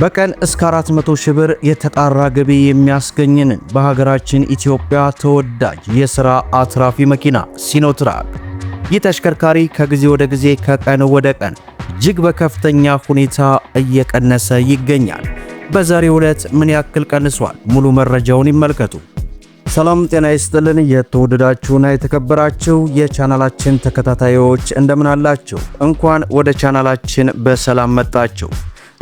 በቀን እስከ 400 ሺህ ብር የተጣራ ገቢ የሚያስገኝን በሀገራችን ኢትዮጵያ ተወዳጅ የሥራ አትራፊ መኪና ሲኖትራክ። ይህ ተሽከርካሪ ከጊዜ ወደ ጊዜ ከቀን ወደ ቀን እጅግ በከፍተኛ ሁኔታ እየቀነሰ ይገኛል። በዛሬው ዕለት ምን ያክል ቀንሷል? ሙሉ መረጃውን ይመልከቱ። ሰላም ጤና ይስጥልን። የተወደዳችሁና የተከበራችሁ የቻናላችን ተከታታዮች እንደምን አላችሁ? እንኳን ወደ ቻናላችን በሰላም መጣችሁ።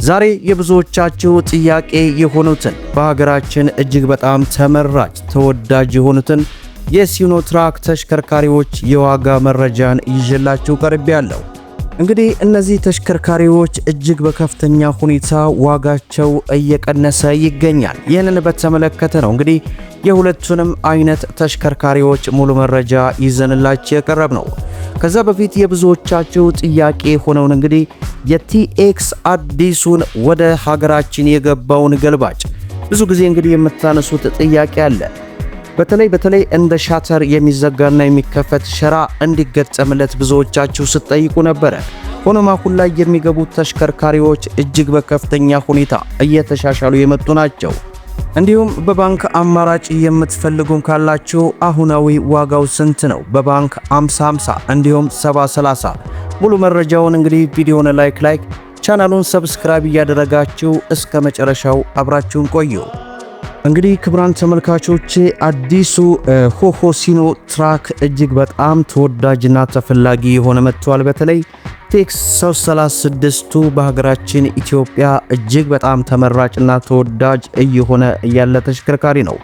ዛሬ የብዙዎቻችሁ ጥያቄ የሆኑትን በሀገራችን እጅግ በጣም ተመራጭ ተወዳጅ የሆኑትን የሲኖትራክ ተሽከርካሪዎች የዋጋ መረጃን ይዤላችሁ ቀርቤያለሁ። እንግዲህ እነዚህ ተሽከርካሪዎች እጅግ በከፍተኛ ሁኔታ ዋጋቸው እየቀነሰ ይገኛል። ይህንን በተመለከተ ነው እንግዲህ የሁለቱንም አይነት ተሽከርካሪዎች ሙሉ መረጃ ይዘንላችሁ የቀረብ ነው። ከዛ በፊት የብዙዎቻችሁ ጥያቄ ሆነውን እንግዲህ የቲኤክስ አዲሱን ወደ ሀገራችን የገባውን ገልባጭ ብዙ ጊዜ እንግዲህ የምታነሱት ጥያቄ አለ። በተለይ በተለይ እንደ ሻተር የሚዘጋና የሚከፈት ሸራ እንዲገጠምለት ብዙዎቻችሁ ስትጠይቁ ነበረ። ሆኖም አሁን ላይ የሚገቡት ተሽከርካሪዎች እጅግ በከፍተኛ ሁኔታ እየተሻሻሉ የመጡ ናቸው። እንዲሁም በባንክ አማራጭ የምትፈልጉም ካላችሁ አሁናዊ ዋጋው ስንት ነው? በባንክ 50 50 እንዲሁም 70 30። ሙሉ መረጃውን እንግዲህ ቪዲዮውን ላይክ ላይክ ቻናሉን ሰብስክራይብ እያደረጋችሁ እስከ መጨረሻው አብራችሁን ቆዩ። እንግዲህ ክብራን ተመልካቾቼ አዲሱ ሆሆሲኖ ትራክ እጅግ በጣም ተወዳጅና ተፈላጊ የሆነ መጥቷል። በተለይ ቴክስ 336ቱ በሀገራችን ኢትዮጵያ እጅግ በጣም ተመራጭና ተወዳጅ እየሆነ ያለ ተሽከርካሪ ነው።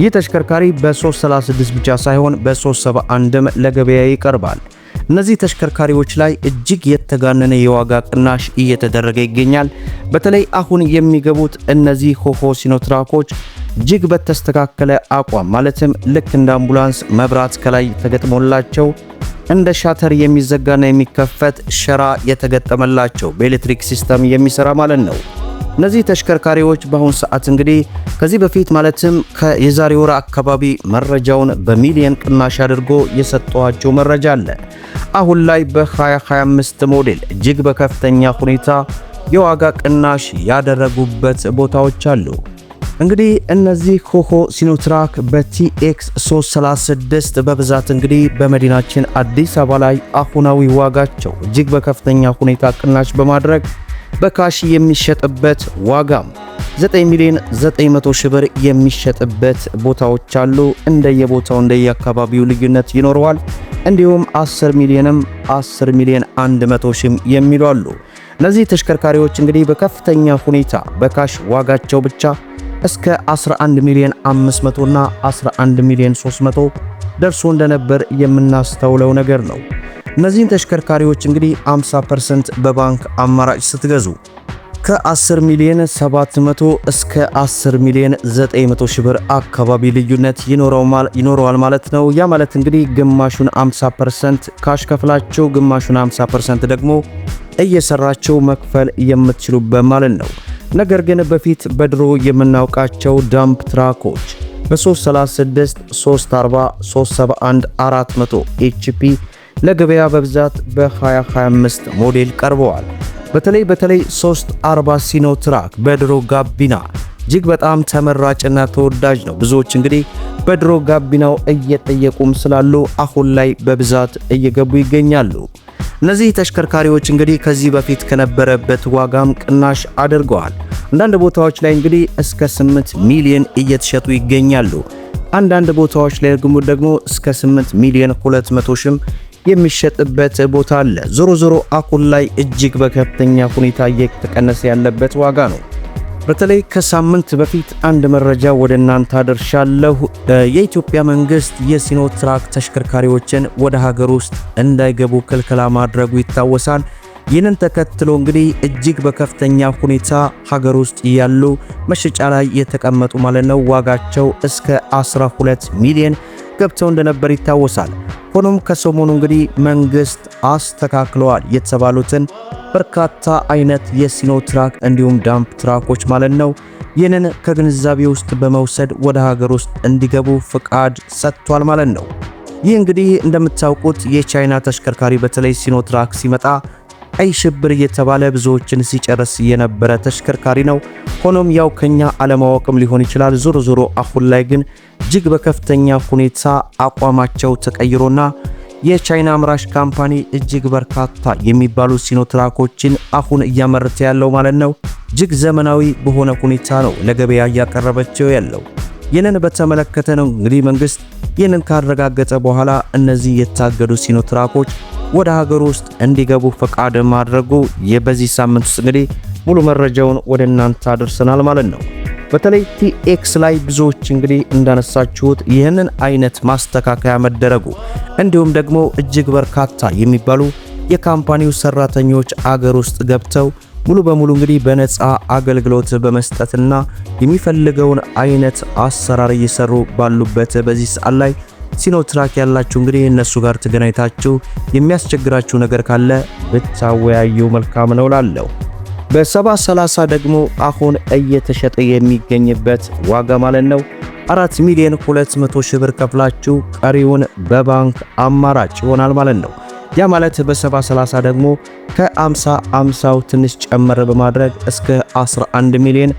ይህ ተሽከርካሪ በ336 ብቻ ሳይሆን በ371ም ለገበያ ይቀርባል። እነዚህ ተሽከርካሪዎች ላይ እጅግ የተጋነነ የዋጋ ቅናሽ እየተደረገ ይገኛል። በተለይ አሁን የሚገቡት እነዚህ ሆሆ ሲኖትራኮች እጅግ በተስተካከለ አቋም ማለትም ልክ እንደ አምቡላንስ መብራት ከላይ ተገጥሞላቸው እንደ ሻተር የሚዘጋና የሚከፈት ሸራ የተገጠመላቸው በኤሌክትሪክ ሲስተም የሚሰራ ማለት ነው። እነዚህ ተሽከርካሪዎች በአሁኑ ሰዓት እንግዲህ ከዚህ በፊት ማለትም ከየዛሬ ወር አካባቢ መረጃውን በሚሊየን ቅናሽ አድርጎ የሰጠኋቸው መረጃ አለ። አሁን ላይ በ2025 ሞዴል እጅግ በከፍተኛ ሁኔታ የዋጋ ቅናሽ ያደረጉበት ቦታዎች አሉ። እንግዲህ እነዚህ ኮኮ ሲኖትራክ በቲኤክስ 336 በብዛት እንግዲህ በመዲናችን አዲስ አበባ ላይ አሁናዊ ዋጋቸው እጅግ በከፍተኛ ሁኔታ ቅናሽ በማድረግ በካሽ የሚሸጥበት ዋጋም 9 ሚሊዮን 900 ሺህ ብር የሚሸጥበት ቦታዎች አሉ። እንደየቦታው እንደየአካባቢው ልዩነት ይኖረዋል። እንዲሁም 10 ሚሊዮንም 10 ሚሊዮን 100 ሺህም የሚሉ አሉ። እነዚህ ተሽከርካሪዎች እንግዲህ በከፍተኛ ሁኔታ በካሽ ዋጋቸው ብቻ እስከ 11 ሚሊዮን 500 እና 11 ሚሊዮን 300 ደርሶ እንደነበር የምናስተውለው ነገር ነው። እነዚህን ተሽከርካሪዎች እንግዲህ 50% በባንክ አማራጭ ስትገዙ ከ10 ሚሊዮን 700 እስከ 10 ሚሊዮን 900 ሺህ ብር አካባቢ ልዩነት ይኖረዋል ማለት ነው። ያ ማለት እንግዲህ ግማሹን 50% ካሽ ከፍላቸው፣ ግማሹን 50% ደግሞ እየሰራቸው መክፈል የምትችሉበት ማለት ነው። ነገር ግን በፊት በድሮ የምናውቃቸው ዳምፕ ትራኮች በ336፣ 340፣ 371፣ 400 ኤችፒ ለገበያ በብዛት በ2025 ሞዴል ቀርበዋል። በተለይ በተለይ 340 ሲኖ ትራክ በድሮ ጋቢና እጅግ በጣም ተመራጭና ተወዳጅ ነው። ብዙዎች እንግዲህ በድሮ ጋቢናው እየጠየቁም ስላሉ አሁን ላይ በብዛት እየገቡ ይገኛሉ። እነዚህ ተሽከርካሪዎች እንግዲህ ከዚህ በፊት ከነበረበት ዋጋም ቅናሽ አድርገዋል። አንዳንድ ቦታዎች ላይ እንግዲህ እስከ 8 ሚሊዮን እየተሸጡ ይገኛሉ። አንዳንድ ቦታዎች ላይ ደግሞ ደግሞ እስከ 8 ሚሊዮን 200 ሺም የሚሸጥበት ቦታ አለ። ዞሮ ዞሮ አሁን ላይ እጅግ በከፍተኛ ሁኔታ እየተቀነሰ ያለበት ዋጋ ነው። በተለይ ከሳምንት በፊት አንድ መረጃ ወደ እናንተ አደርሻለሁ። የኢትዮጵያ መንግስት የሲኖ ትራክ ተሽከርካሪዎችን ወደ ሀገር ውስጥ እንዳይገቡ ክልከላ ማድረጉ ይታወሳል። ይህንን ተከትሎ እንግዲህ እጅግ በከፍተኛ ሁኔታ ሀገር ውስጥ ያሉ መሸጫ ላይ የተቀመጡ ማለት ነው ዋጋቸው እስከ 12 ሚሊዮን ገብተው እንደነበር ይታወሳል። ሆኖም ከሰሞኑ እንግዲህ መንግስት አስተካክለዋል የተባሉትን በርካታ አይነት የሲኖ ትራክ እንዲሁም ዳምፕ ትራኮች ማለት ነው። ይህንን ከግንዛቤ ውስጥ በመውሰድ ወደ ሀገር ውስጥ እንዲገቡ ፍቃድ ሰጥቷል ማለት ነው። ይህ እንግዲህ እንደምታውቁት የቻይና ተሽከርካሪ በተለይ ሲኖ ትራክ ሲመጣ ቀይ ሽብር እየተባለ ብዙዎችን ሲጨርስ የነበረ ተሽከርካሪ ነው። ሆኖም ያው ከኛ አለማወቅም ሊሆን ይችላል። ዞሮ ዞሮ አሁን ላይ ግን እጅግ በከፍተኛ ሁኔታ አቋማቸው ተቀይሮና የቻይና አምራች ካምፓኒ እጅግ በርካታ የሚባሉ ሲኖትራኮችን አሁን እያመረተ ያለው ማለት ነው። እጅግ ዘመናዊ በሆነ ሁኔታ ነው ለገበያ እያቀረበችው ያለው። ይህንን በተመለከተ ነው እንግዲህ መንግስት ይህንን ካረጋገጠ በኋላ እነዚህ የታገዱ ሲኖትራኮች ወደ ሀገር ውስጥ እንዲገቡ ፈቃድ ማድረጉ የበዚህ ሳምንት ውስጥ እንግዲህ ሙሉ መረጃውን ወደ እናንተ አድርሰናል ማለት ነው። በተለይ ቲኤክስ ላይ ብዙዎች እንግዲህ እንዳነሳችሁት ይህንን አይነት ማስተካከያ መደረጉ እንዲሁም ደግሞ እጅግ በርካታ የሚባሉ የካምፓኒው ሰራተኞች አገር ውስጥ ገብተው ሙሉ በሙሉ እንግዲህ በነፃ አገልግሎት በመስጠትና የሚፈልገውን አይነት አሰራር እየሰሩ ባሉበት በዚህ ሰዓት ላይ ሲኖትራክ ያላችሁ እንግዲህ እነሱ ጋር ተገናኝታችሁ የሚያስቸግራችሁ ነገር ካለ ብታወያዩ መልካም ነው ላለው በ730 ደግሞ አሁን እየተሸጠ የሚገኝበት ዋጋ ማለት ነው 4 ሚሊዮን 200 ሺህ ብር ከፍላችሁ ቀሪውን በባንክ አማራጭ ይሆናል ማለት ነው። ያ ማለት በ730 ደግሞ ከ50 50ው ትንሽ ጨመር በማድረግ እስከ 11 ሚሊዮን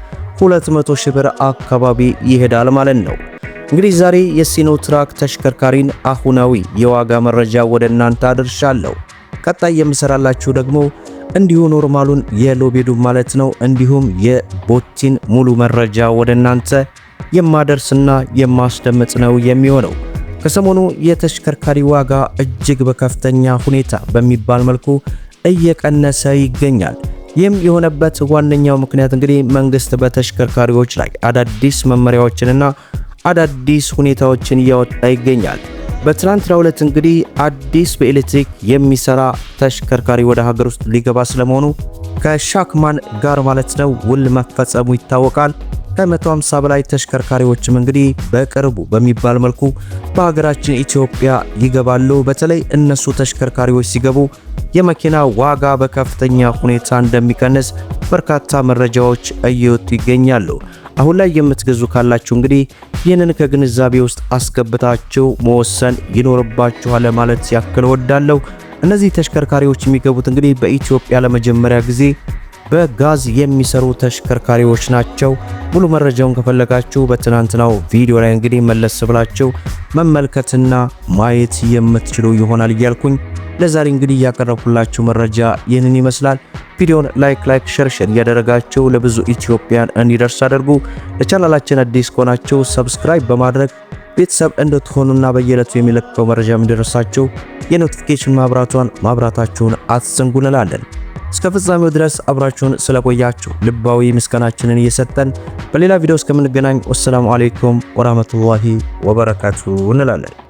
200 ሺህ ብር አካባቢ ይሄዳል ማለት ነው። እንግዲህ ዛሬ የሲኖ ትራክ ተሽከርካሪን አሁናዊ የዋጋ መረጃ ወደ እናንተ አድርሻለሁ። ቀጣይ የምሰራላችሁ ደግሞ እንዲሁ ኖርማሉን የሎቤዱ ማለት ነው። እንዲሁም የቦቲን ሙሉ መረጃ ወደ እናንተ የማደርስና የማስደምጥ ነው የሚሆነው። ከሰሞኑ የተሽከርካሪ ዋጋ እጅግ በከፍተኛ ሁኔታ በሚባል መልኩ እየቀነሰ ይገኛል። ይህም የሆነበት ዋነኛው ምክንያት እንግዲህ መንግስት በተሽከርካሪዎች ላይ አዳዲስ መመሪያዎችንና አዳዲስ ሁኔታዎችን እያወጣ ይገኛል። በትናንትናው ዕለት እንግዲህ አዲስ በኤሌክትሪክ የሚሰራ ተሽከርካሪ ወደ ሀገር ውስጥ ሊገባ ስለመሆኑ ከሻክማን ጋር ማለት ነው ውል መፈጸሙ ይታወቃል። ከ150 በላይ ተሽከርካሪዎችም እንግዲህ በቅርቡ በሚባል መልኩ በሀገራችን ኢትዮጵያ ይገባሉ። በተለይ እነሱ ተሽከርካሪዎች ሲገቡ የመኪና ዋጋ በከፍተኛ ሁኔታ እንደሚቀንስ በርካታ መረጃዎች እየወጡ ይገኛሉ። አሁን ላይ የምትገዙ ካላችሁ እንግዲህ ይህንን ከግንዛቤ ውስጥ አስገብታችሁ መወሰን ይኖርባችኋል ማለት ያክል ወዳለሁ። እነዚህ ተሽከርካሪዎች የሚገቡት እንግዲህ በኢትዮጵያ ለመጀመሪያ ጊዜ በጋዝ የሚሰሩ ተሽከርካሪዎች ናቸው። ሙሉ መረጃውን ከፈለጋችሁ በትናንትናው ቪዲዮ ላይ እንግዲህ መለስ ብላችሁ መመልከትና ማየት የምትችሉ ይሆናል እያልኩኝ ለዛሬ እንግዲህ ያቀረብኩላችሁ መረጃ ይህንን ይመስላል። ቪዲዮን ላይክ ላይክ ሸር ሼር እያደረጋችሁ ለብዙ ኢትዮጵያን እንዲደርስ አድርጉ። ለቻናላችን አዲስ ከሆናችሁ ሰብስክራይብ በማድረግ ቤተሰብ እንድትሆኑና በየዕለቱ የሚለቀቀው መረጃ እንዲደርሳችሁ የኖቲፊኬሽን ማብራቷን ማብራታችሁን አትዘንጉ እንላለን። እስከ ፍጻሜው ድረስ አብራችሁን ስለቆያችሁ ልባዊ ምስጋናችንን እየሰጠን በሌላ ቪዲዮ እስከምንገናኝ ወሰላሙ አሌይኩም ወራህመቱላሂ ወበረካቱ እንላለን።